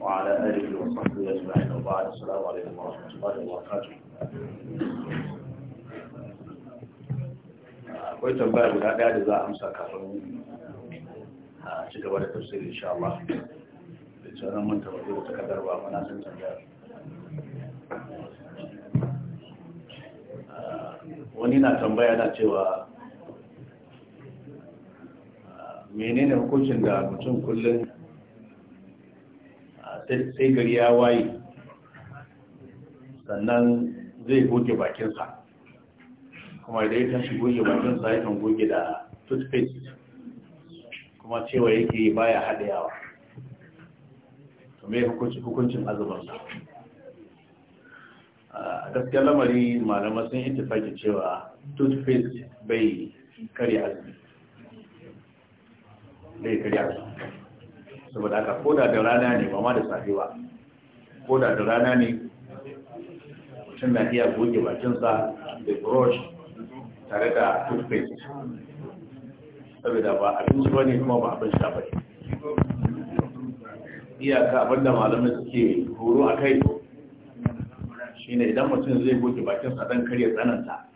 وعلى آله وصحبه أجمعين وبعد السلام عليكم ورحمة الله وبركاته akwai tambaya guda ɗaya da za a amsa kafin a ci gaba da tafsiri insha Allah da tsaron mun tabbatar da takardar ba mana san tambaya wani na tambaya na cewa menene hukuncin da mutum kullum sai gari ya waye sannan zai goge bakinsa kuma idan ya shi goge bakinsa ya kan goge da toothpaste kuma cewa yake baya haɗewa to me hukuncin azumarsa a gaskiyar lamari malama sun tafaki cewa toothpaste bai kare azumi bai kare azumi saboda haka koda da rana ne ba ma da safe ba koda da rana ne mutum na iya goge bakinsa da brush tare da toothpaste saboda ba abinci ba ne kuma ba abin sha ba iyaka abinda malamin suke horo a kai ne idan mutum zai goge bakinsa don karya tsananta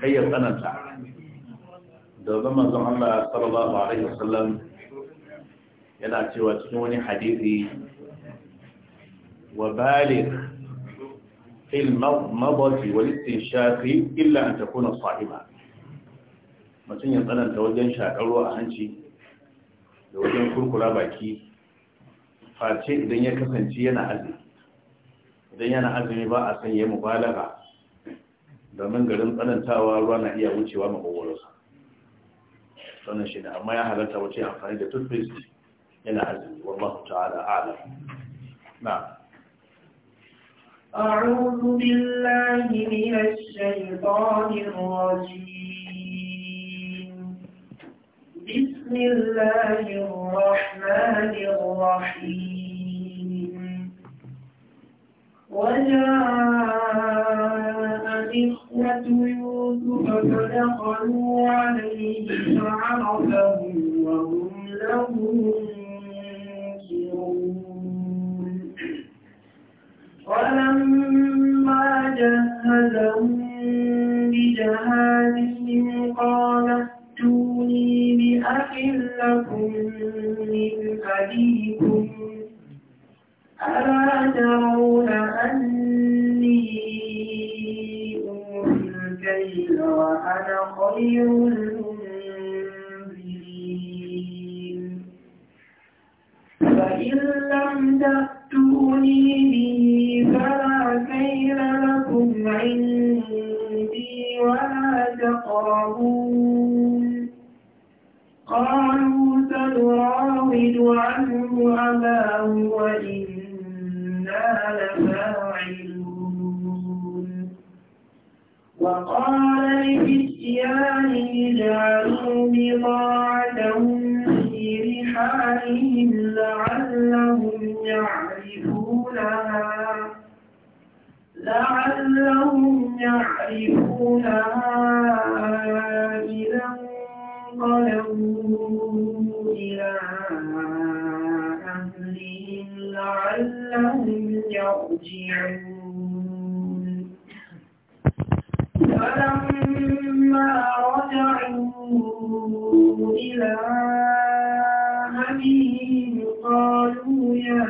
karya tsananta da zama zan Allah sallallahu alaihi wasallam yana cewa cikin wani hadisi wa balik fil madmadi wal istinshaqi illa an takuna sa'ima mutum ya tsananta wajen shakarwa a hanci da wajen kurkura baki face idan ya kasance yana azumi idan yana azumi ba a san mubalaga domin garin tsanantawa ruwa na iya wucewa makogwarsa sannan shi da amma ya halarta wace amfani da toothpaste yana والله تعالى أعلم نعم أعوذ بالله من الشيطان الرجيم بسم الله الرحمن الرحيم وجاء إخوة يوسف فدخلوا عليه فعرفهم وهم له ولما جهزهم بجهازهم قال ائتوني بأخ لكم من أبيكم ألا ترون أني أوفي الكيل وأنا خير المنزلين فإن لم تأتوني تراود عنه أباه وإنا لفاعلون وقال لفتيان اجعلوا بضاعتهم في رحالهم لعلهم يعرفونها لعلهم يعرفونها إذا انقلبوا إلى أهلهم لعلهم يرجعون فلما رجعوا إلى أبيهم قالوا يا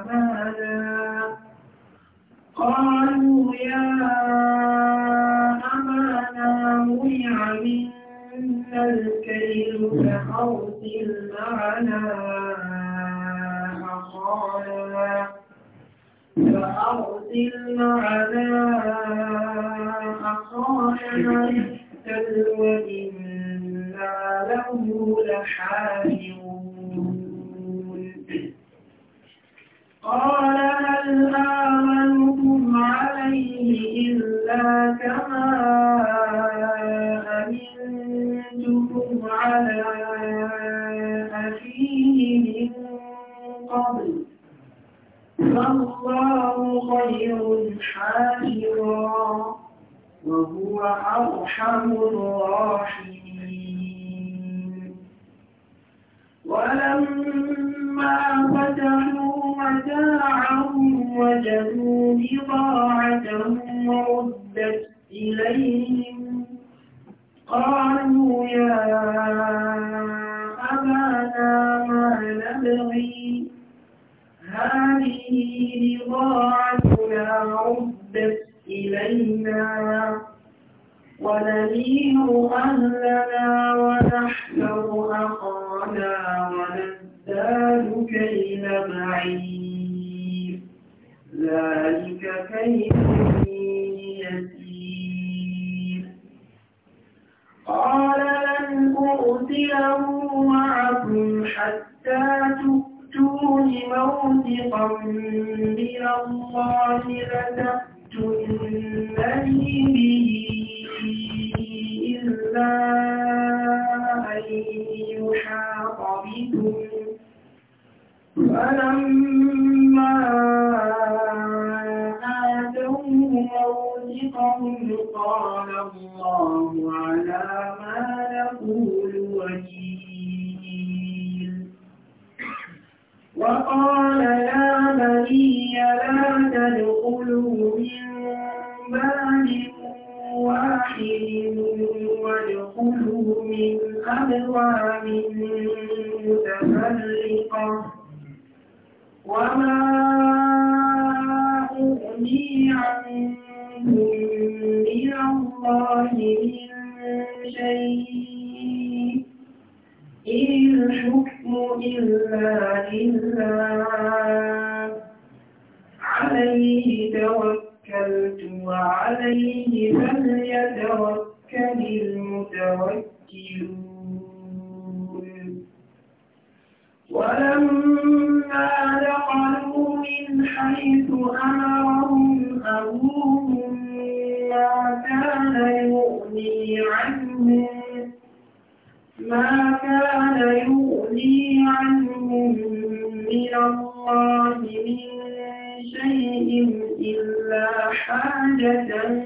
أبانا قالوا يا أبانا منع منا الكيل أرسل معنا أخانا فأرسل معنا أخانا يكتل وإنا له لحافظون قال هل آمنكم عليه إلا كما أمنتكم على الله خير حافظا وهو أرحم الراحمين ولما فتحوا متاعهم وجدوا بضاعتهم ردت إليهم قالوا يا أبانا ما نبغي هذه بضاعتنا ردت إلينا ونمير توكلت وعليه فليتوكل المتوكلون ولما دخلوا من حيث أمرهم أبوهم ما كان يغني عنهم ما كان يغني عنهم من الله إلا حاجة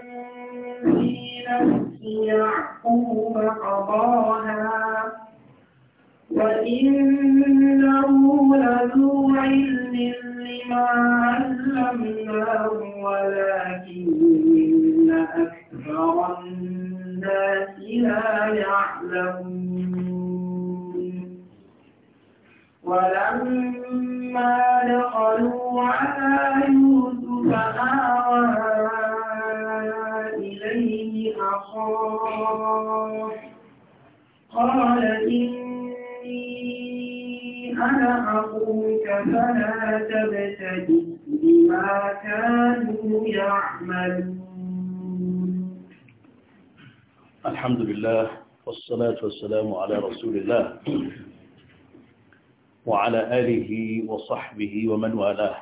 في نفس يعقوب قضاها وإنه لذو علم لما علمناه ولكن أكثر الناس لا يعلمون ولما دخلوا على يوسف إليه أخاه قال إني أنا أخوك فلا كانوا يعملون الحمد لله والصلاة والسلام على رسول الله وعلى آله وصحبه ومن والاه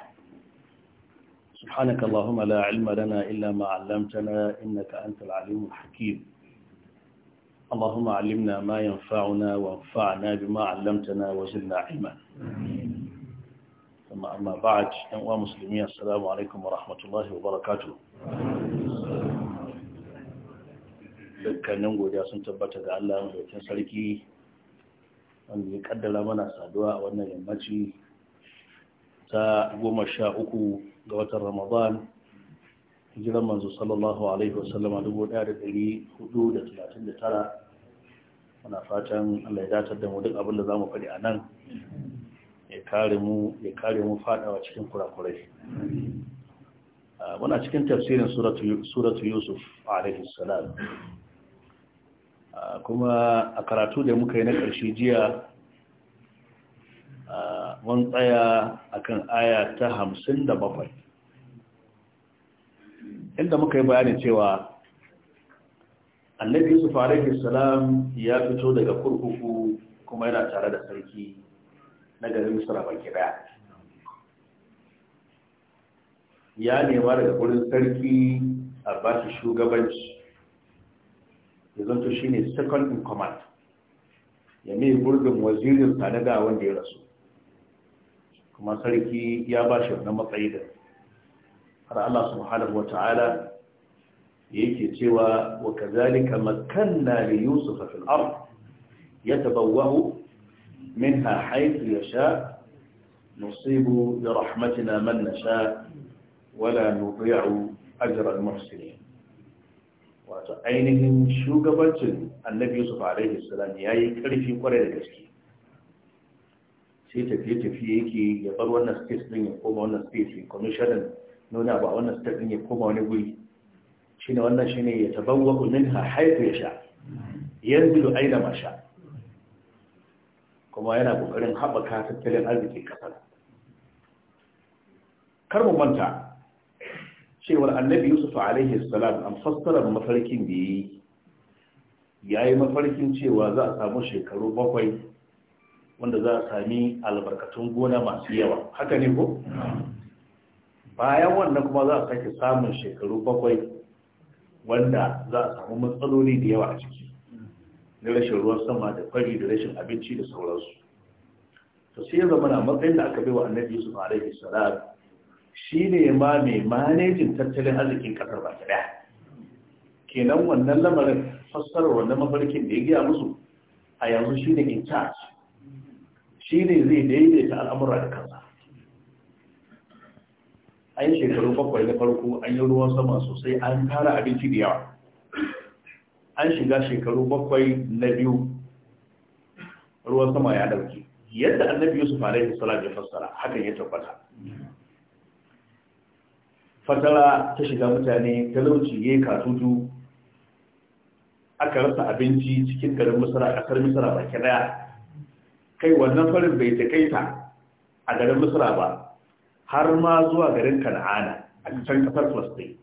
سبحانك اللهم لا علم لنا إلا ما علمتنا إنك أنت العليم الحكيم اللهم علمنا ما ينفعنا وانفعنا بما علمتنا وزلنا علما ثم أما بعد أنواع مسلمين السلام عليكم ورحمة الله وبركاته dukkanin godiya sun tabbata ga Allah mai sarki wanda ya kaddara mana saduwa a wannan yammaci ta goma sha uku ga watan ramadan hijiran manzo sallallahu alaihi wasallama 1439 muna fatan Allah ya datar da mu duk abin da zamu faɗi a nan ya kare mu ya kare mu fadawa cikin kurakurai muna cikin tafsirin suratu yusuf alaihi salam kuma a karatu da muka yi na ƙarshe jiya mun tsaya akan aya ta hamsin da bakwai inda muka yi bayanin cewa annabi yusuf alaihi salam ya fito daga kurkuku kuma yana tare da sarki na garin misra baki ya nema daga wurin sarki a ba shi shugabanci ya zanto shi ne second in command ya mai gurbin wazirin tanada wanda ya rasu kuma sarki ya ba shi wannan matsayi da har Allah subhanahu wa ta'ala yake cewa wa kazalika makanna li yusuf fi al ard yatabawwa minha haythu yasha nusibu bi rahmatina man nasha wa la nudhi'u ajra al muhsinin wato ainihin shugabancin annabi yusuf alaihi salam yayi karfi kwarai da gaske sai tafiye-tafiye yake ya bar wannan space din ya koma wannan space ya commissionin nuna ba wannan space din ya koma wani guri ne wannan ne ya haifu ya sha yan yanzilu aina ma sha kuma yana kokarin haɓaka tattalin arziki kasar kar mu manta cewar annabi yusuf alaihi salam an fassara mafarkin da ya yi mafarkin cewa za a samu shekaru bakwai wanda za a sami albarkatun gona masu yawa haka ne ko bayan wannan kuma za a sake samun shekaru bakwai wanda za a samu matsaloli da yawa a ciki na rashin ruwan sama da fari da rashin abinci da sauransu to sai ya zama na matsayin da aka bai wa annabi yusuf alaihi salam shine ma mai manejin tattalin arzikin kasar ba ta daya kenan wannan lamarin fassarar wannan mafarkin da ya gaya musu a yanzu shine in charge shi ne zai daidaita al'amura da kansa an yi shekaru bakwai na farko an yi ruwan sama sosai an tara abinci da yawa an shiga shekaru bakwai na biyu ruwan sama ya dauki yadda annabi yusuf alaihi salam ya fassara hakan ya tabbata fatara ta shiga mutane talauci yi katutu aka rasa abinci cikin garin a kasar misra baki daya kai wannan farin bai ta a garin misra ba har ma zuwa garin kan'ana a can kasar falastin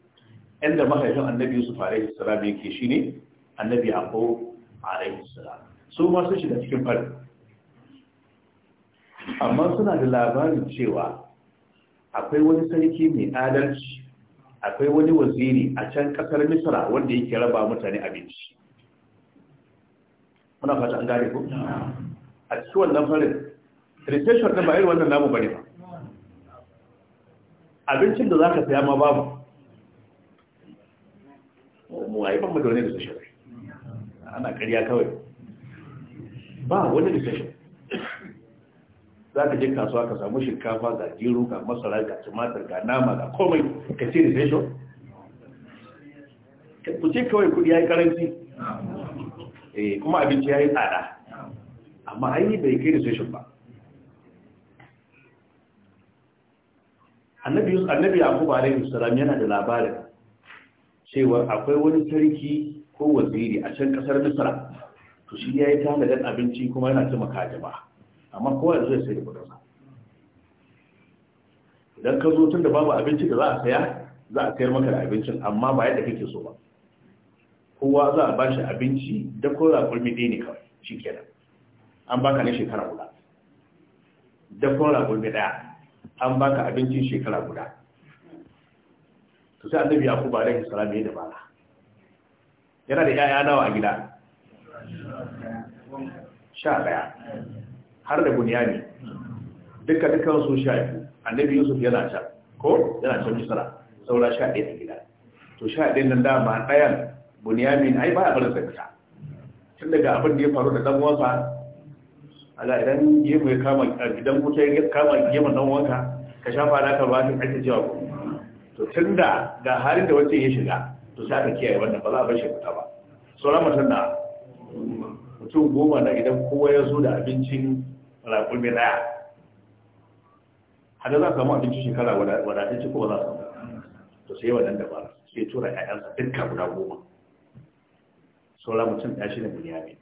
inda mahaifin annabi yusuf alaihi salam yake shine annabi abu alaihi salam su ma sun shiga cikin farin amma suna da labarin cewa akwai wani sarki mai adalci akwai wani waziri a can kasar misra wanda yake raba mutane abinci muna fata an gane ko a cikin wannan farin recession ɗin ba irin wannan namu bane ba abincin da za ka saya ma babu mu a yi ban madawane da sashen ana karya kawai ba wani recession sashen za ka je kasuwa ka samu shinkafa ga gero ga masara ga tumatir ga nama ga komai ka ce recession sashen ku ce kawai kudi ya yi karanci eh, kuma abinci ya yi tsada amma an yi bai kai da station ba annabi annabi yakubu alaihi salam yana da labarin cewa akwai wani sarki ko waziri a can kasar misra to shi ya yi dan abinci kuma yana taimaka jama'a amma kowa yanzu zai sai da kudinsa idan ka zo tun da babu abinci da za a saya za a sayar maka da abincin amma ba yadda kake so ba kowa za a bashi abinci da a kulmi ɗaya ne kawai shi kenan an baka na shekara guda da kuma ragon daya an baka abincin shekara guda to sai annabi yakubu alaihi salami da ba. yana da yaya nawa a gida sha daya har da ne duka duka su sha biyu annabi yusuf yana can. ko yana sha misra saura sha ɗaya a gida to sha ɗaya nan dama ɗayan bunyamin ai ba a barin sa fita tun daga abin da ya faru da dan wasa ala idan gemu ya kama idan kuta ya kama gemu dan wanka ka shafa da ka ba ta ake cewa ku to tunda ga halin da wacce ya shiga to sai aka kiyaye wannan ba za a bar shi fita ba sauran mutum na mutum goma na idan kowa ya zo da abincin mai daya hada za a samu abincin shekara wadatacce ko za a samu to sai wannan da ba sai tura 'ya'yansa dukkan guda goma sauran mutum ya shi ne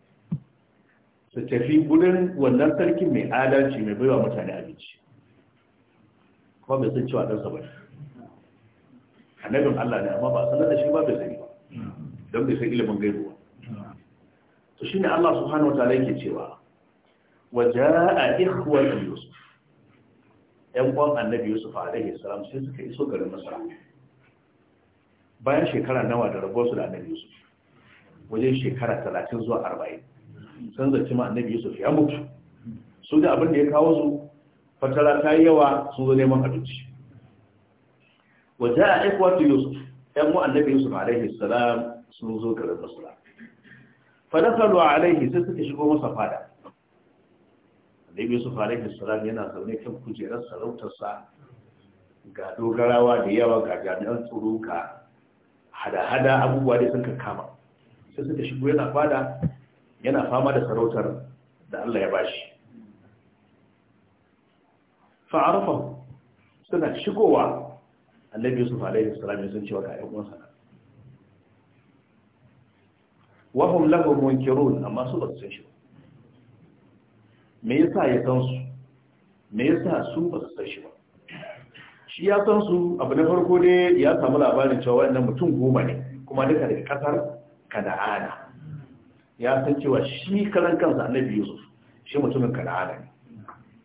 ta tafi gudun wannan sarkin mai adalci mai baiwa mutane abinci kuma bai san cewa ɗansa ba annabin Allah ne amma ba sanar da shi ba bai sani ba don bai san ilimin gaibu ba to ne Allah subhanahu wataala yake cewa wa jaa ikhwatu yusuf yan uwan annabi yusuf alaihi salam sai suka iso garin masara. bayan shekara nawa da rabuwarsu da annabi yusuf wajen shekara talatin zuwa arba'in. sun zaci ma annabi yusuf ya mutu su da abin da ya kawo su fatara ta yi yawa sun zo neman abinci wa ja'a ikwatu yusuf yan mu annabi yusuf alaihi salam sun zo garin basra fa a alaihi sai suka shigo masa fada annabi yusuf alaihi salam yana zaune kan kujerar sarautarsa ga dogarawa da yawa ga jami'an tsaro ga hada-hada abubuwa da sun kama sai suka shigo yana fada yana fama da sarautar da Allah ya bashi fa'arafa suna shigowa annabi yusuf alaihi salam sun cewa ga ƴan uwansa wa hum lahu munkirun amma su ba su san shi me yasa ya san su me yasa su ba su san shi ba shi ya san su abu na farko ne ya samu labarin cewa wannan mutum goma ne kuma duka daga kasar kada'ana ya san cewa shi karan kansa annabi yusuf shi mutumin kana'ana ne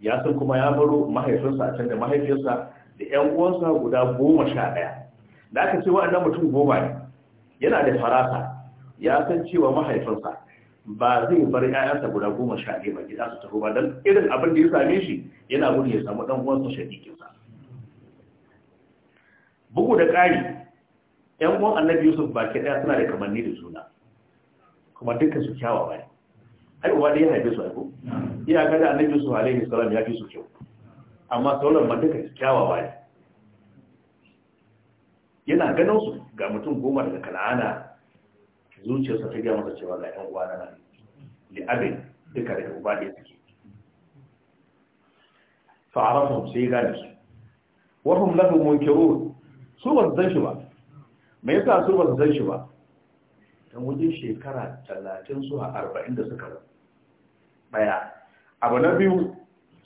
ya san kuma ya baro mahaifinsa a can da mahaifinsa da yan uwansa guda goma sha ɗaya da aka ce wa'annan mutum goma ne yana da farasa ya san cewa mahaifinsa ba zai bar 'ya'yansa guda goma sha ɗaya ba gida su taho ba don irin abin da ya same shi yana gudu ya samu ɗan uwansa shaɗiƙinsa bugu da ƙari 'yan uwan annabi yusuf baki ɗaya suna da kamanni da juna kuma dukkan su kyawa bane ai dai ya haife su aiko iyaka da annabi su alaihi salam ya fi su kyau amma sauran ma dukkan su kyawa bane yana ganin su ga mutum goma daga kana'ana zuciyarsa ta gaya masa cewa ga yan uwa na nan abin duka daga uba da suke fa'arafahum sai gane su wahum lahu munkirun su ba su san shi ba me yasa su ba su shi ba don wajen shekara talatin zuwa arba'in da suka rabu ɗaya abu na biyu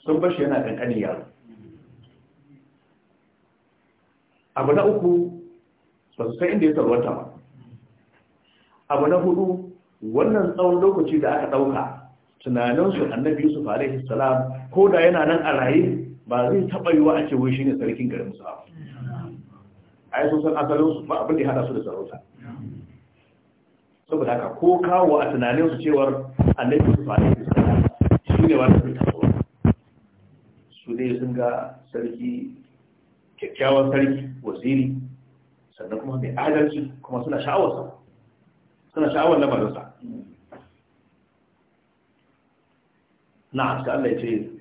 sun bashi yana ƙanƙanin yaro abu na uku ba su san inda ya tarwata ba abu na hudu wannan tsawon lokaci da aka ɗauka tunaninsu annabi yusuf alaihi salam ko da yana nan a raye ba zai taɓa yiwa a cewa shi ne sarkin garin musa a yi sosan asalinsu ba abin da ya hada su da sarauta saboda haka ko kawo a tunanin su cewar annabi su fara su sana shi ne wani sun taso su ne sun ga sarki kyakkyawan sarki waziri sannan kuma mai adalci kuma suna sha'awar sa suna sha'awar lamarinsa na'am sai Allah ya ce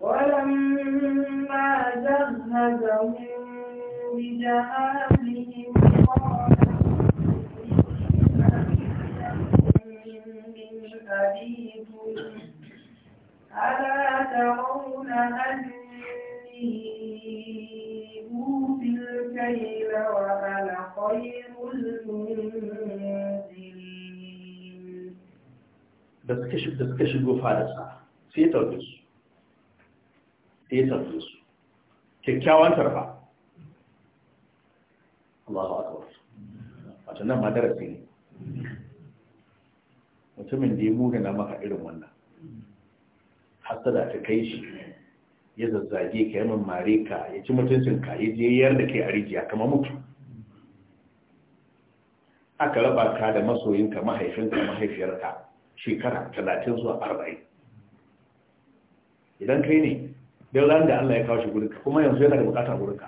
ولما ذهبهم بجهاد عبيد ألا ترون أني أوفي الكيل وأنا خير المنزلين بس كشف بس كشف قفالة صح sai ya tarfe su sai ya tarfe su kyakkyawan tarfa Allahu akbar wato nan ma darasi ne mutumin da ya mugana maka irin wannan da ta kai shi ya zazzage ka ya mare ka ya ci mutuncin ka ya je yar da kai a rijiya kama mutu aka raba ka da masoyinka mahaifinka mahaifiyarka shekara talatin zuwa arba'in idan kai ne don ran da Allah ya kawo shi gurinka kuma yanzu yana da bukata gurinka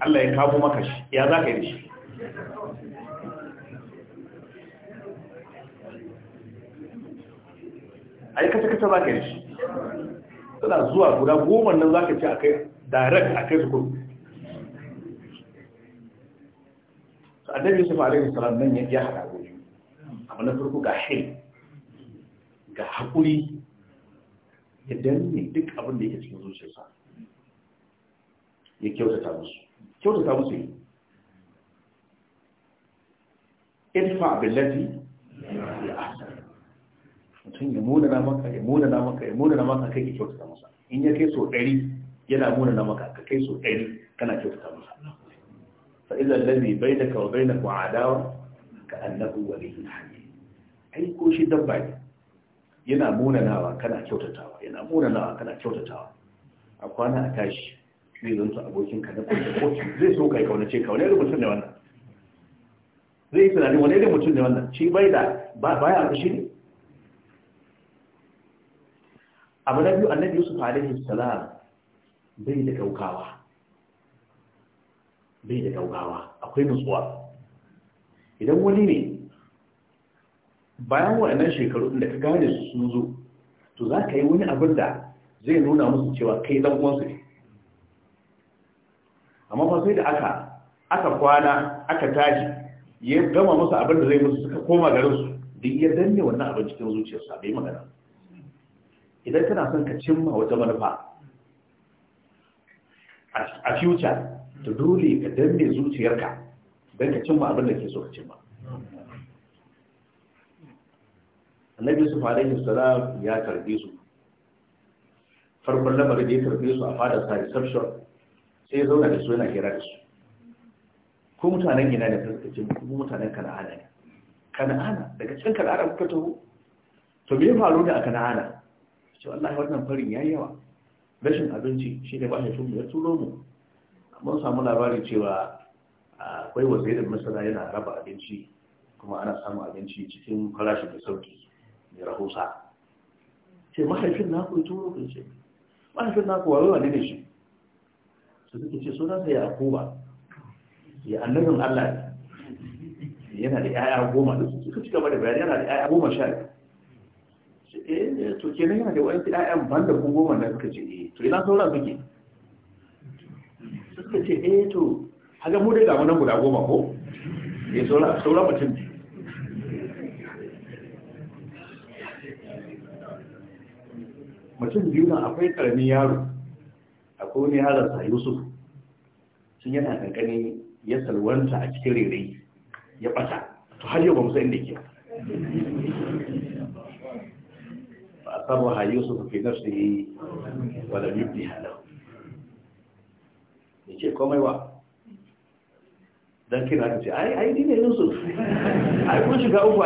Allah ya kawo maka shi ya za ka yi da shi ai kasa kasa ba ka yi shi suna zuwa guda goma nan za ka ce a kai direct a kai su kudu annabi yusuf alaihi salam nan ya hada goyi amma na farko ga hai ga haƙuri ya danne duk abin da yake cikin zuciyarsa ya kyautata musu kyautata musu yi idfa billati ya ahsan mutum ya muna na maka ya muna na maka ya muna na maka kai ke kyautata masa in ya kai so ɗari yana muna na maka ka kai so ɗari kana kyautata masa fa idan lalle bai da kawai bai na kuwa adawa ka annabu yin hanyar ai ko shi dabba ne yana munanawa kana kyautatawa yana munanawa kana kyautatawa a kwana a tashi zai zanto abokin ka na kwanci zai so kai ce-kawai, wani mutum ne wannan zai yi tunanin wani mutum ne wannan shi bai da ba ya a shi ne abu na biyu annabi yusuf alaihi salam bai da gaugawa bai da gaugawa akwai nutsuwa idan wani ne bayan waɗannan shekaru da ka gane su sun zo to za ka yi wani abin da zai nuna musu cewa kai dan uwansu ne amma fa sai da aka aka kwana aka tashi ya gama musu abin da zai musu suka koma garinsu duk ya danne wannan abin cikin zuciyarsa bai magana idan kana son ka cimma wata manufa a future to dole ka danne zuciyarka don ka cimma abin da ke so ka cimma annabi fara yin salam ya karbe su farkon lamarin da ya karbe su a fadar sa reception sai ya zauna da su yana hira da su ko mutanen gina ne suka cimma, kuma mutanen kana'ana ne kana'ana daga cikin kana'ana kuka taho to me ya faru ne a kana'ana Wannan wallahi wannan farin ya yawa rashin abinci shi ne shi tun ya turo mu mun samu labarin cewa akwai wazirin masana yana raba abinci kuma ana samun abinci cikin farashi da sauki mai rahusa ce mahaifin na ku turo ku ce mahaifin na ku wa yawa ne shi su suke ce sunan sa ya akuba ya annabin Allah ne yana da 'ya'ya goma da su suka ci gaba da bayani yana da 'ya'ya goma sha biyu Eh, eh to kenan yana da wani ƴaƴan ban da goma da suka ce eh to ina sauran suke suka ce eh to haka mu dai ga nan guda goma ko eh sauran sauran mutum ne mutum biyu nan akwai karamin yaro akwai wani yaron sa Yusuf sun yana kankani ya salwanta a cikin rere ya ɓata. to har yau ba mu inda ke ba. فأسرها يوسف في نفسه ولم يبدها له yace كوم ba دان كنا ka ce ai ai dine yusuf ai kun shiga uku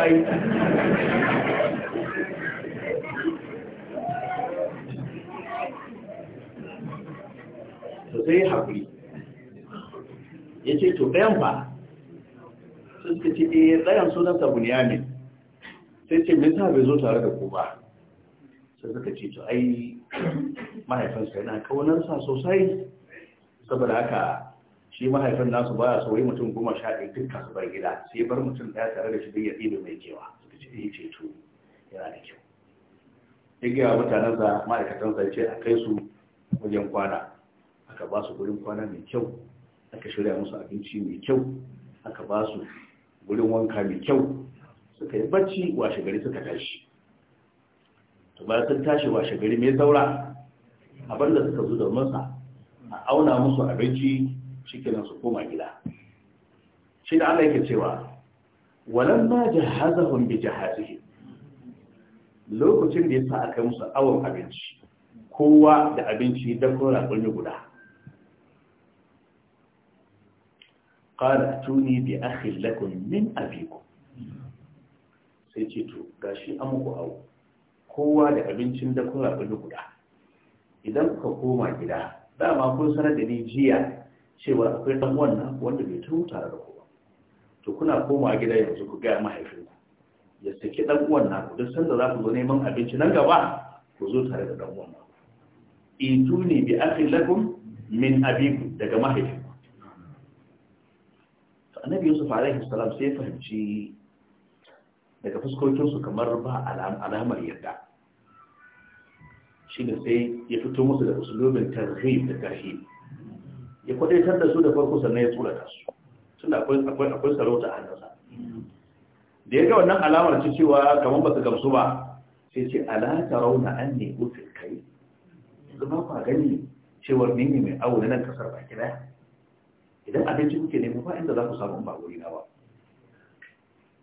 sai haƙuri ya ce to ɗayan ba sun suka ce ɗayan sunan sabuniya ne sai ce sa bai zo tare da ku ba sai suka ce to ai mahaifinsa yana sa sosai saboda haka shi mahaifin nasu baya so wai mutum goma sha ɗaya duka su bar gida sai bar mutum ɗaya tare da shi don ya ɗebe mai kewa suka ce eh ce to yana da kyau ya gaya mutanensa ma'aikatan ya ce a kai su wajen kwana aka ba su gurin kwana mai kyau aka shirya musu abinci mai kyau aka ba su gurin wanka mai kyau suka yi bacci washe gari suka tashi to ba sun tashi washe gari mai saura abinda da suka zo da masa a auna musu abinci shikenan su koma gida shi da Allah yake cewa walan ma jahazahum bi jahazihi lokacin da ya sa a kai musu awon abinci kowa da abinci da kora kunni guda qala tuni bi akhi lakum min abikum sai ce to gashi an muku awo kowa da abincin da kun rabu guda idan kuka koma gida dama kun sanar da ni jiya cewa akwai dan wannan wanda bai taho tare da ku ba to kuna koma gida yanzu ku ga mahaifinku ya saki dan uwan naku duk sanda za ku zo neman abinci nan gaba ku zo tare da dan uwan naku tuni bi akhi lakum min abiku daga mahaifinku to annabi yusuf alaihi salam sai fahimci daga fuskokin su kamar ba alamar yarda da sai ya fito musu da usulobin tarhib da tarhib ya kwadaitar da su da farko sannan ya tsura su suna akwai akwai akwai sarauta a hannunsa da ya ga wannan alamar ci cewa kamar ba su gamsu ba sai ce ala an ne ufil kai zama ba gani cewar ni ne mai awo na nan kasar baki daya idan abinci kuke nemo ba inda za ku samu ba wuri na ba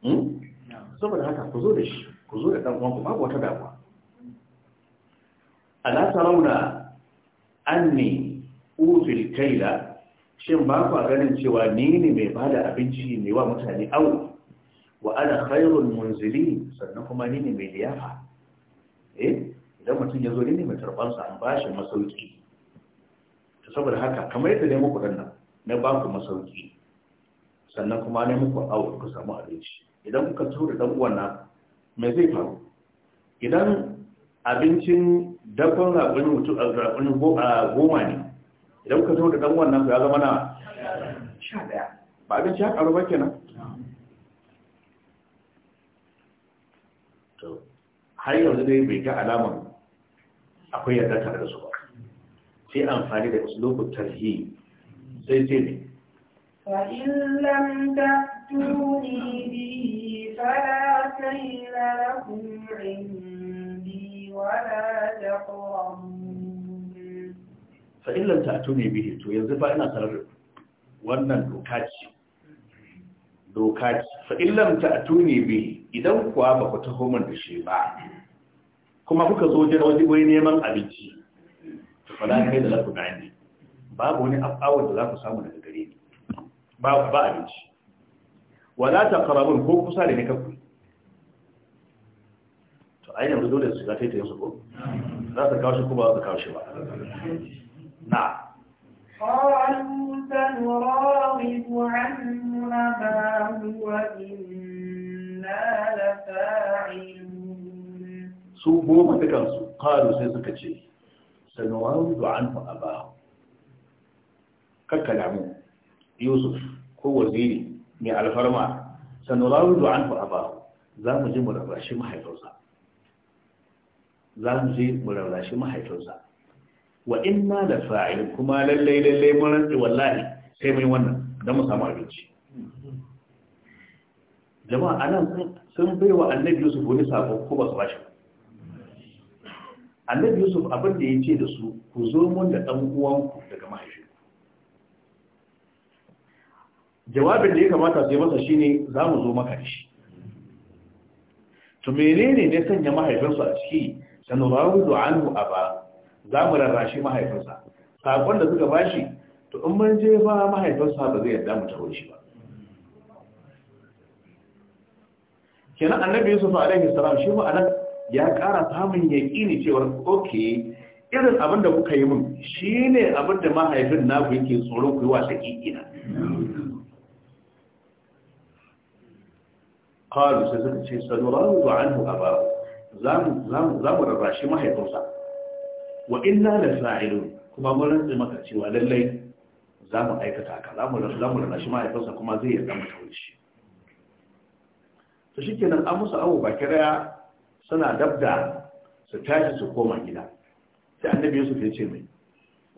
hmm? saboda haka ku zo da shi ku zo da dan uwanku babu wata damuwa ala tarawna anni utul kaila shin ba ku ganin cewa ni ne mai bada abinci ne wa mutane au wa ana khairul munzili sannan kuma ni ne mai liyafa eh idan mutum ya zo ne mai tarbansa an bashi masauki saboda haka kamar yadda ne muku danna na ba ku masauki sannan kuma ne muku au ku samu abinci idan kuka tura dan uwan nan me zai faru idan abincin dabban raɓin mutu a raɓin goma ne idan ka zo da dan wannan ya zama na sha ɗaya ba abinci ya karu ba kenan har yanzu dai bai ga alamar akwai yadda tare da su ba sai amfani da uslubut tarihi sai sai ne فإن لم تأتوني به فلا كيل لكم عندي ولا تقربوا فإن لم تأتوني به تو ينزل فإن ترغب wannan doka ce doka ce fa'in lam ta'tuni bi idan kuwa ba ku taho min da shi ba kuma kuka zo jira waje goyi neman abinci to fala kai da lafu gani babu wani afawar da za ku samu daga gare ni ba ba abinci wala taqrabun ko kusa da ni kafu a yi yanzu dole su ga taita yin su ko za su kawo shi kuma za su kawo shi ba na su goma dukan su kawo sai suka ce sanuwaru da an fa'a ba kakkalamu yusuf ko waziri mai alfarma sanuwaru da an fa'a ba za mu ji mu rabashi mahaifarsa za mu je mu shi mahaifinsa wa inna da fa'il kuma lallai lallai mun wallahi sai mai wannan don mu samu abinci jama'a anan sun bai wa annabi yusuf wani sako ko ba su bashi annabi yusuf abin da ya ce da su ku zo mun da ɗan uwanku daga mahaifi jawabin da ya kamata su yi masa shine za mu zo maka shi to menene ne sanya mahaifinsu a ciki sanurawidu a ba za mu shi mahaifinsa sakon da suka bashi to in mun je ba mahaifinsa ba zai yarda mu taho shi ba kenan annabi yusuf alaihi salam shi ma'ana ya kara samun ne cewa oke irin abin da kuka yi mun shine abin da mahaifin naku yake tsoron ku yi wa ƙiƙina. qalu sai suka ce sanurawidu a za mu rarrashi mahaifinsa wa inna da fa'ilun kuma mun rantsi maka cewa lallai za mu aikata ka. za mu rarrashi mahaifinsa kuma zai yarda mata wuce to shi kenan an musu abu baki kiraya suna dabda su tashi su koma gida sai annabi yusuf ya ce mai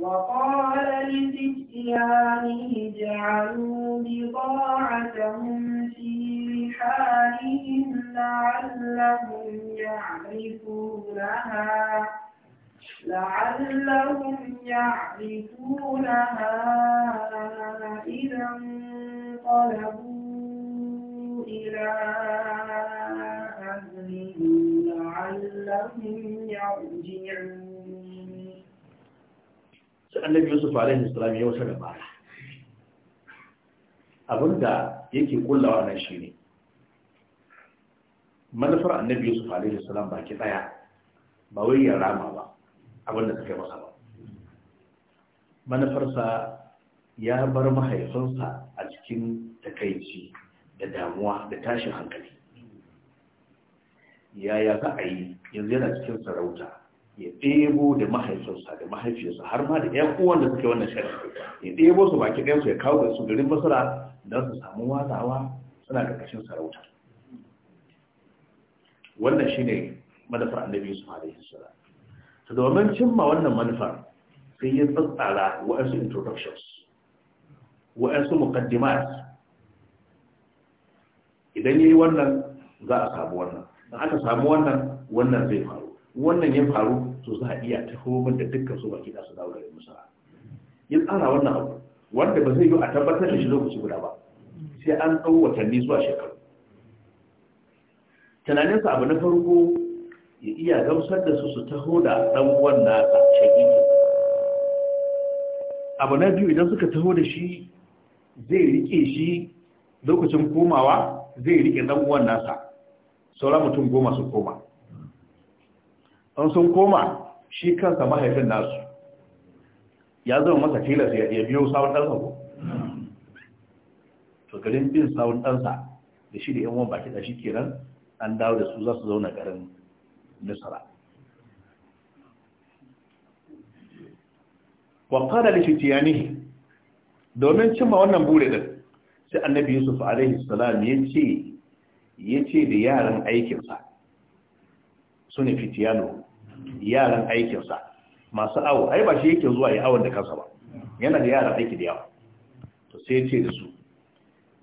وقال لفتيانه اجعلوا بضاعتهم في حالهم لعلهم يعرفونها لعلهم يعرفونها إذا انقلبوا إلى أهلهم لعلهم يرجعون sai annabi yusuf alaihi salam ya wata dabara abin da yake kullawa nan shine manufar annabi yusuf alaihi salam baki daya ba wai ya rama ba abin da masa ba manufarsa ya bar mahaifinsa a cikin takaici da damuwa da tashin hankali yaya za a yi yanzu yana cikin sarauta ya ɗebo da mahaifinsa da mahaifiyarsa har ma da ‘yan uwan da suke wannan shari'a ya ɗebo su baki ɗayan su ya kawo su garin basura don su samu watsawa suna ƙarƙashin sarauta wannan shi ne manufar annabi su fara yin sura ta domin cimma wannan manufar sai ya tsatsara wa'ansu introductions wa'ansu muqaddimat idan yayi wannan za a samu wannan da aka samu wannan wannan zai faru wannan ya faru to za a iya taho da dukkan su baki da su dawo garin musa in tsara wannan abu wanda ba zai yi a tabbatar da shi lokaci guda ba sai an ɗau watanni zuwa shekaru sa abu na farko ya iya gamsar da su su taho da ɗan uwan nasa shaƙiƙi abu na biyu idan suka taho da shi zai rike shi lokacin komawa zai rike ɗan uwan nasa sauran mutum goma su koma in sun koma shi kansa mahaifin nasu ya zama masa tilas ya biyo sawun ɗansa ko to garin bin sawun ɗansa da shi da yan wani baki da shi kenan an dawo da su za su zauna garin misra wa da li fitiyanihi domin cimma wannan buɗe din sai annabi yusuf alaihi salam ya ce da yaran aikinsa su ne fitiyano yaran aikinsa masu awo ai ba shi yake zuwa ya awon da kansa ba yana da yaran aiki da yawa to sai ce da su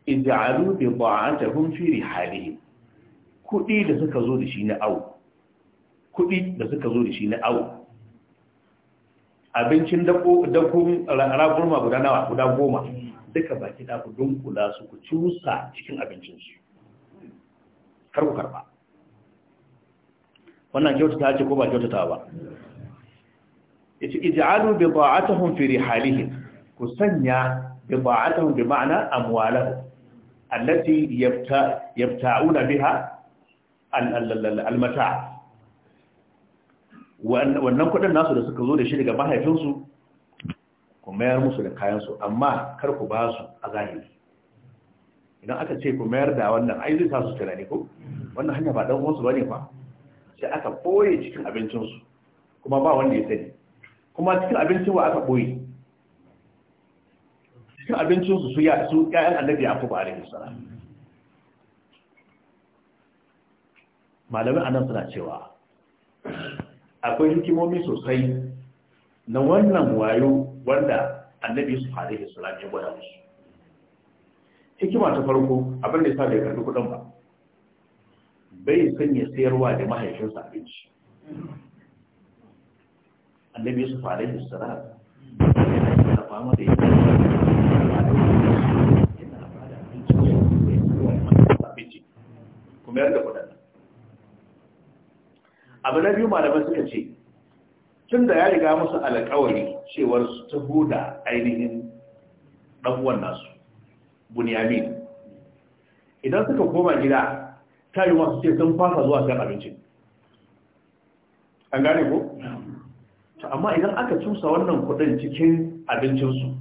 ij'alu bi ta'atihim fi rihalihim kudi da suka zo da shi na awo kudi da suka zo da shi na awo abincin dabbobin ragurma guda nawa guda goma duka baki da ku dunkula su ku cusa cikin abincinsu kar ku karba wannan kyautata ce ko ba kyautata ba ij'alu bi ta'atuhum fi rihalihim ku sanya bi ta'atuhum bi ma'ana amwalahu allati yabta yabta'una biha al-mata' wannan kudin nasu da suka zo da shi daga mahaifinsu ku mayar musu da kayansu amma kar ku ba su a zahiri idan aka ce ku mayar da wannan ai zai sa su tunani ko wannan hanya ba dan uwansu bane fa sai aka boye cikin abincinsu kuma ba wanda ya sani kuma cikin abincin wa aka boye cikin abincinsu su ‘ya'yan annabi ya kuma ba a malamin anan suna cewa akwai hikimomi sosai na wannan wayo wanda annabi su alaihi salam ya gwada musu hikima ta farko abin da ya sa bai karbi kudin ba bai san ya sayarwa da mahaifinsa abinci annabi yusuf alaihi salam yana da fama da yake abinci kuma yadda kudan abu na biyu malaman suka ce tun da ya riga musu alkawari cewar su ta huda ainihin ɗan'uwan nasu bunyamin idan suka koma gida tarewa suke sun fasa zuwa kan abincin an gane ko? ta amma idan aka cusa wannan kudin cikin abincinsu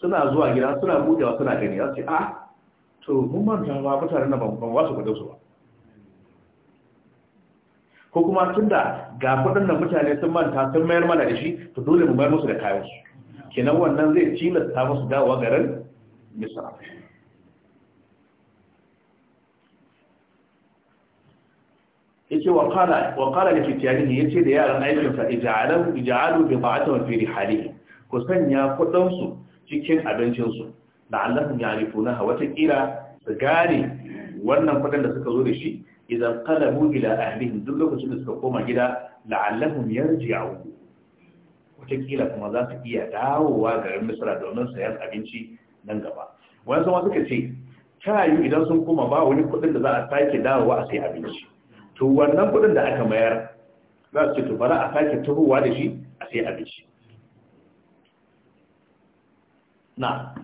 suna zuwa gida suna budewa suna gani ya ce ah to mun manta ba mutane na ban wasu kudin su ba ko kuma tun da ga kudin da mutane sun manta sun mayar mana da shi to dole mu mayar musu da kayansu kenan wannan zai cilasta musu dawowa garin misra yace wa qala wa qala li fityanihi yace da yaran aikin sa ij'alu ij'alu bi'atan fi rihalihi ku sanya kudin su cikin abincin su la'allahum ya'rifunaha wata kira su gane wannan kudin da suka zo da shi idan qalabu ila ahlihim duk lokacin da suka koma gida la'allahum yarji'u wata kila kuma za su iya dawowa garin Misra domin sayan abinci nan gaba wani sama suka ce ta yi idan sun koma ba wani kudin da za a sake dawowa a sai abinci to wannan kudin da aka mayar za su ce to bara a sake tuhuwa da shi a sai abinci na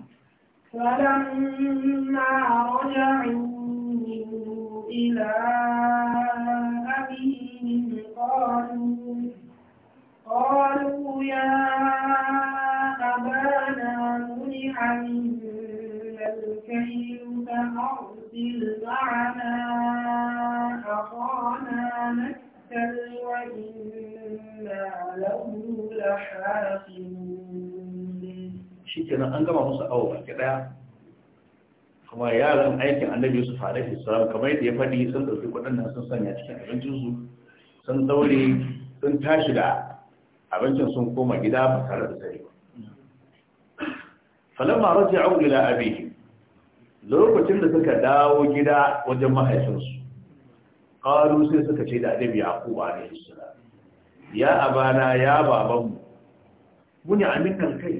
قالوا يا أبانا منع منا الكيل فأرسل معنا أعطانا نكتل وإنا له لحافظون شكرا أنقم أمسا أولا كده kuma yaran aikin annabi Yusuf alaihi salam kamar yadda ya faɗi sun ɗauki kuɗin nan sun sanya cikin abincinsu sun daure sun tashi da abincin sun koma gida ba tare da sani ba falamma raja'u ila abihi lokacin da suka dawo gida wajen mahaifinsu qalu sai suka ce da annabi yaqub alaihi salam ya abana ya babanmu muni aminkan kai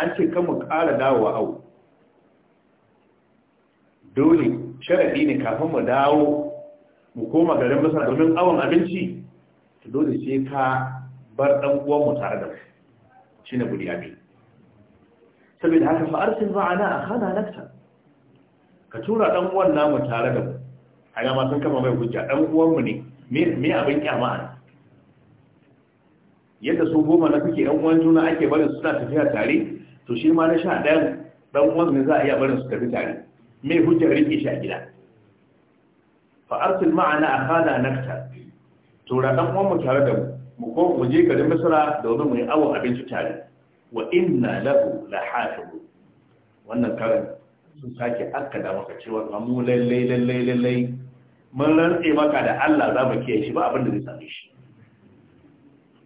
an ce kan mu ƙara dawowa au dole sharaɗi ne kafin mu dawo mu koma garin masana domin awon abinci to dole sai ka bar ɗan uwanmu tare da mu shi ne abin saboda haka fa'arsin ba'ana a hana nakta ka tura ɗan uwan namu tare da mu kaga ma sun kama mai hujja dan uwan mu ne me abin kyama yadda su goma na suke yan uwan juna ake barin su ta tafiya tare to shi ma na sha ɗayan dan uwan ne za a iya barin su tafi tare me hujja rike shi a gida fa arsil ma'ana akhana nakta tura dan uwan mu tare da mu mu ko mu je garin misra da wani mu yi awon abinci tare wa inna lahu lahafizu wannan karin sun sake akkada maka cewa mu lallai lallai lallai mun rantse maka da Allah za mu kiyaye shi ba abin da zai same shi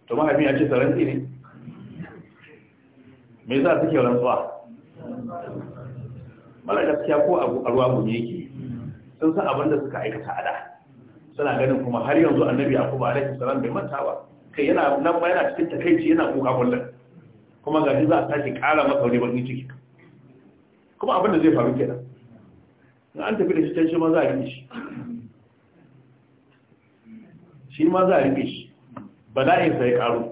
to mahaifi ya ce sa rantse ne me yasa suke rantsuwa mala gaskiya ko a ruwa mu ne yake sun san abin da suka aikata a da suna ganin kuma har yanzu annabi kuma alaihi salam bai manta ba kai yana nan ba yana cikin takaici yana kuka kullum kuma ga za a sake kara masa wani bakin ciki kuma abin da zai faru kenan in an tafi da shi can shi ma za a yi shi shi ma za a rufe shi bala'in sai karu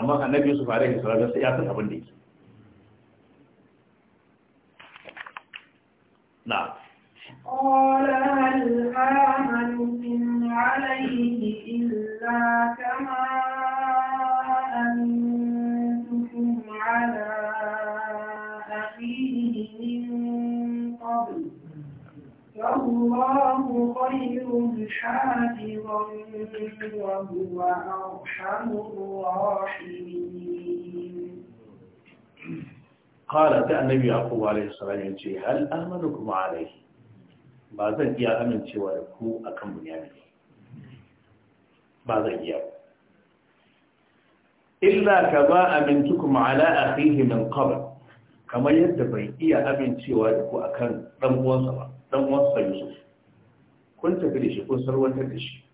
amma annabi fara yin salatu sai ya san abin da yake na qala al'amalin alayhi illa kama الله خير حافظا وهو أرحم الراحمين قال ده النبي يعقوب عليه الصلاه والسلام هل أمنكم عليه بعضاً يا أمن تواك هو أكم من يعني بعضاً يا إلا كما أمنتكم على أخيه من قبل كما يدبي يا أمن تواك هو أكم رموان صلاح dan sa Yusuf kun tafi da shi kun salwantar da shi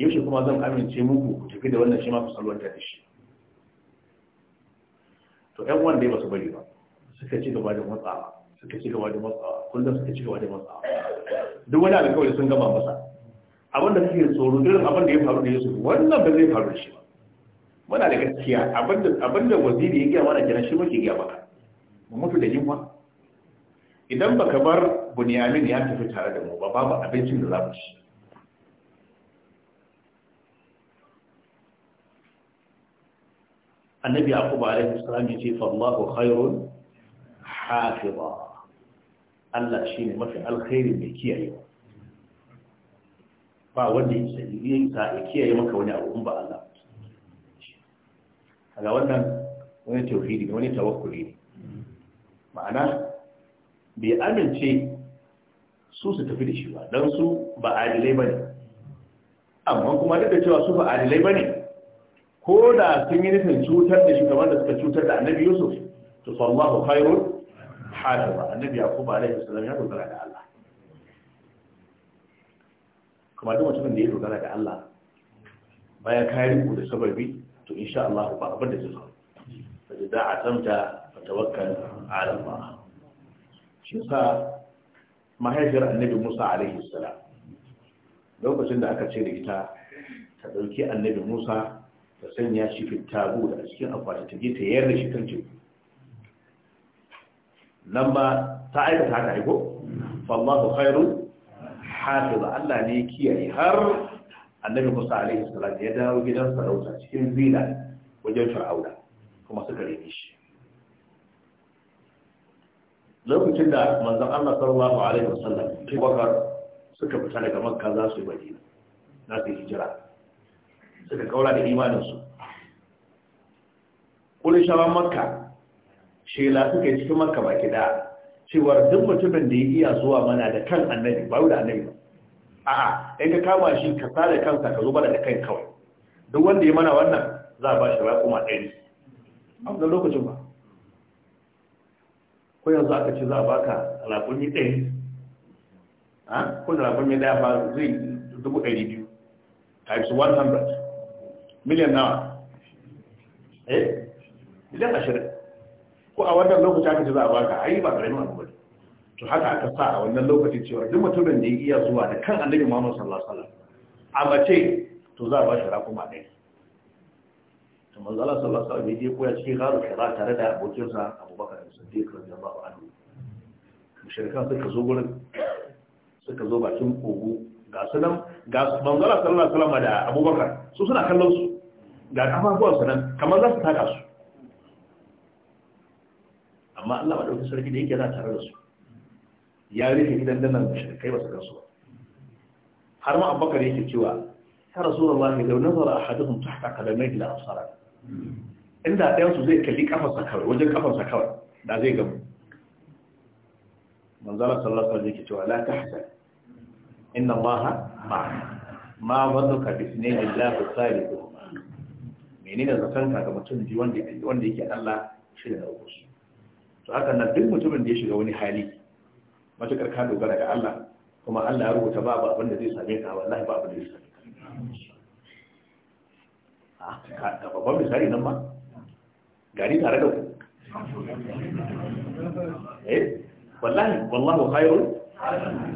yaushe kuma zan amince muku ku tafi da wannan shi ma ku salwantar da shi to ɗan uwan dai ba su bari ba suka ci gaba da matsawa suka ci gaba da matsawa kullum suka ci gaba da matsawa duk wani alƙawari sun gama masa abinda suke tsoro irin abin da ya faru da Yusuf wannan ba zai faru da shi ba muna da gaskiya abinda waziri ya gaya mana kenan shi muke gaya baka mu mutu da jinwa idan baka bar bunyamin ya tafi tare da mu ba babu abincin da za mu ci annabi yaqub alaihi salam yace fa Allahu khairun hafiza Allah shi ne mafi alkhairi mai kiyaye ba wanda ya yi sa ya kiyaye maka wani abu ba Allah kaga wannan wani tauhidi ne wani tawakkuli ne ma'ana bai amince su su tafi da shi ba don su ba adilai ba ne amma kuma duk da cewa su ba adilai ba ne ko da sun yi nufin cutar da shugaban da suka cutar da annabi yusuf to sallahu khairun halaba annabi yaqub alaihi salam ya dogara da Allah kuma duk mutumin da ya dogara da Allah bayan kayan ku da sababi to insha Allah ba abin da zai zo fa da a tsamta tawakkal ala Allah shi sa mahaifiyar annabi musa alaihi salam lokacin da aka ce da ita ta ɗauki annabi musa ta sanya shi fitago da a cikin akwati ta je ta yayar da shi kan teku nan ba ta aikata haka aiko fallahu khairu hafiza Allah ne kiyaye har annabi Musa alaihi salam ya dawo gidan sarauta cikin zila wajen Fir'auna kuma suka rene shi lokacin da manzon Allah sallallahu alaihi wasallam Abubakar suka fita daga Makka za su yi waje za su yi hijira suka kaura da imaninsu. su Qurayshawan Makka shela suka yi cikin Makka baki da cewar duk mutumin da ya iya zuwa mana da kan annabi ba da annabi a'a in ka kama shi ka sare kansa ka zuba da kai kawai duk wanda ya mana wannan za a ba shi kuma ɗari a wani lokacin ba ko yanzu aka ce za a baka raƙumi ɗari a ko da raƙumi ɗaya ba zai dubu ɗari biyu su 100 miliyan nawa eh miliyan ashirin ko a wannan lokaci aka ce za a baka ayi ba ƙarami a ba to haka aka sa a wannan lokaci cewa duk mutumin da ya iya zuwa da kan annabi Muhammad sallallahu alaihi wasallam a mace to za a ba shi raƙuma ɗaya to manzo Allah sallallahu alaihi wasallam ya koya cikin garu shara tare da abokinsa Abubakar ba radiyallahu anhu mushrikan suka zo gurin suka zo bakin kogo ga su nan ga manzo Allah sallallahu alaihi wasallam da Abubakar su suna kallon su ga kafafuwan su nan kamar za su taka su amma Allah madaukakin sarki da yake yana tare da su ya rufe gidan dannan mushrikai ba su gansu ba har ma abubakar yake cewa ya rasulullah law nazara ahaduhum tahta qadamayhi la absara inda ɗayansu zai kalli kafarsa kawai wajen kafarsa kawai da zai gamu manzara sallasar da ke cewa lati ta hasa inna maha ma ma wanda ka fi ne da lafi tsari ko mene da zaton ka ga mutum ji wanda yake allah shirya da uku to haka nan duk mutumin da ya shiga wani hali matukar ka dogara ga allah kuma allah ya rubuta babu abin da zai same ka wallahi babu da zai same ka a babban misali nan ma gari tare da ku eh wallahi wallahu khairul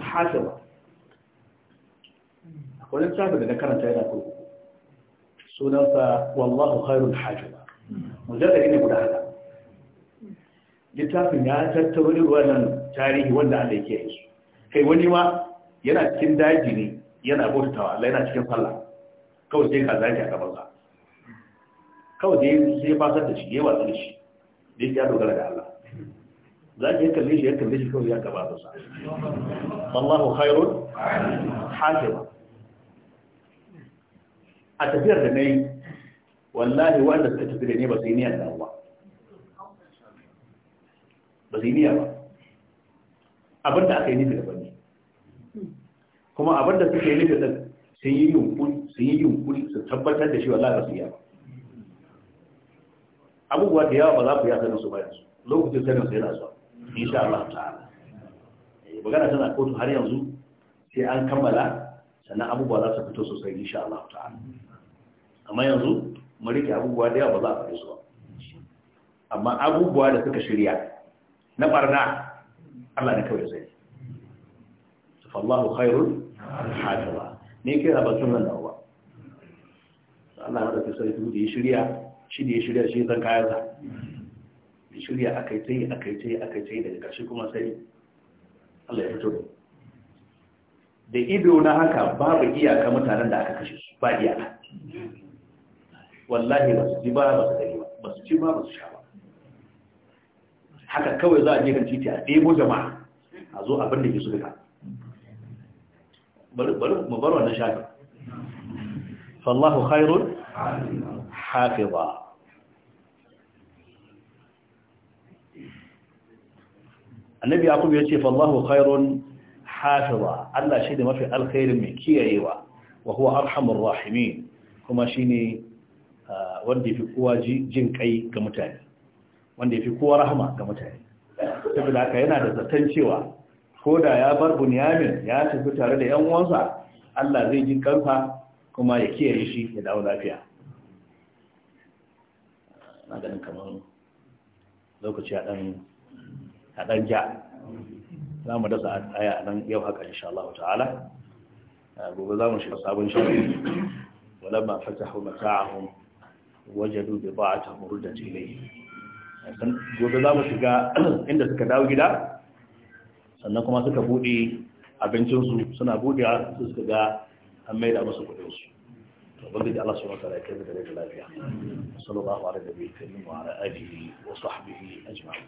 hasiba akwai littafin da na karanta yana kurkuku sunansa wallahu khairul hasiba mujallari ne guda haka littafin ya ne wannan tarihi wanda Allah yake yi kai wani ma yana cikin daji ne yana bautawa Allah yana cikin sallah kawai sai ka zaki a gaban sa kawai da sai ya basar da shi ya watsa da shi da ya dogara da Allah za ki kalli shi ya kalli shi kawai ya gaba da sa Allahu khairun hakiba a tafiyar da nayi wallahi wanda suka tafi da ne ba su yi niyyar da Allah ba su yi niyya ba abinda aka yi nufi da bane kuma abinda suka yi nufi da sun yi yunkuri su tabbatar da shi wallahi ba su yi ba abubuwa da yawa ba za ku yi asalin su bayan su lokacin sanin su yana zuwa insha Allah ta'ala eh, magana tana kotu har yanzu sai an kammala sannan abubuwa za su fito sosai insha Allah ta'ala amma yanzu mu rike abubuwa da yawa ba za a fito su ba amma abubuwa da suka shirya na barna Allah ne kawai zai fallahu khairul hajjaba ne kira ba sunan da ba Allah ya da sai da shirya shi da ya shirya shi zan kayan sa ya shirya aka yi tsaye aka yi tsaye aka yi tsaye daga ƙarshe kuma sai Allah ya fito da ido na haka babu iyaka mutanen da aka kashe su ba iyaka wallahi ba su ji ba ba su gani ba ba su ci ba ba su sha ba haka kawai za a je kan titi a ɗebo jama'a a zo abin da ke su duka bari mu bar wannan shafin fallahu khairun hafiza annabi yaqub ya ce fallahu khairun hafiza Allah shi mafi alkhairin mai kiyayewa wa huwa arhamur rahimin kuma shine wanda yafi kowa jin kai ga mutane wanda yafi saboda haka yana da zaton cewa ko da ya bar bunyamin ya tafi tare da yan uwansa Allah zai jin kansa kuma ya kiyaye shi ya dawo lafiya lokaci a ɗan ja za mu dasa aya a nan yau haka insha Allah ta'ala gobe za mu shiga sabon shirin walamma fatahu mata'ahum wajadu bi a ruddat ilayhi san gobe za mu shiga inda suka dawo gida sannan kuma suka buɗe abincinsu suna bude su suka ga an maida musu kudinsu ubangiji Allah subhanahu wa ta'ala ya kai da rai lafiya sallallahu alaihi wa sallam wa ala alihi wa sahbihi ajma'in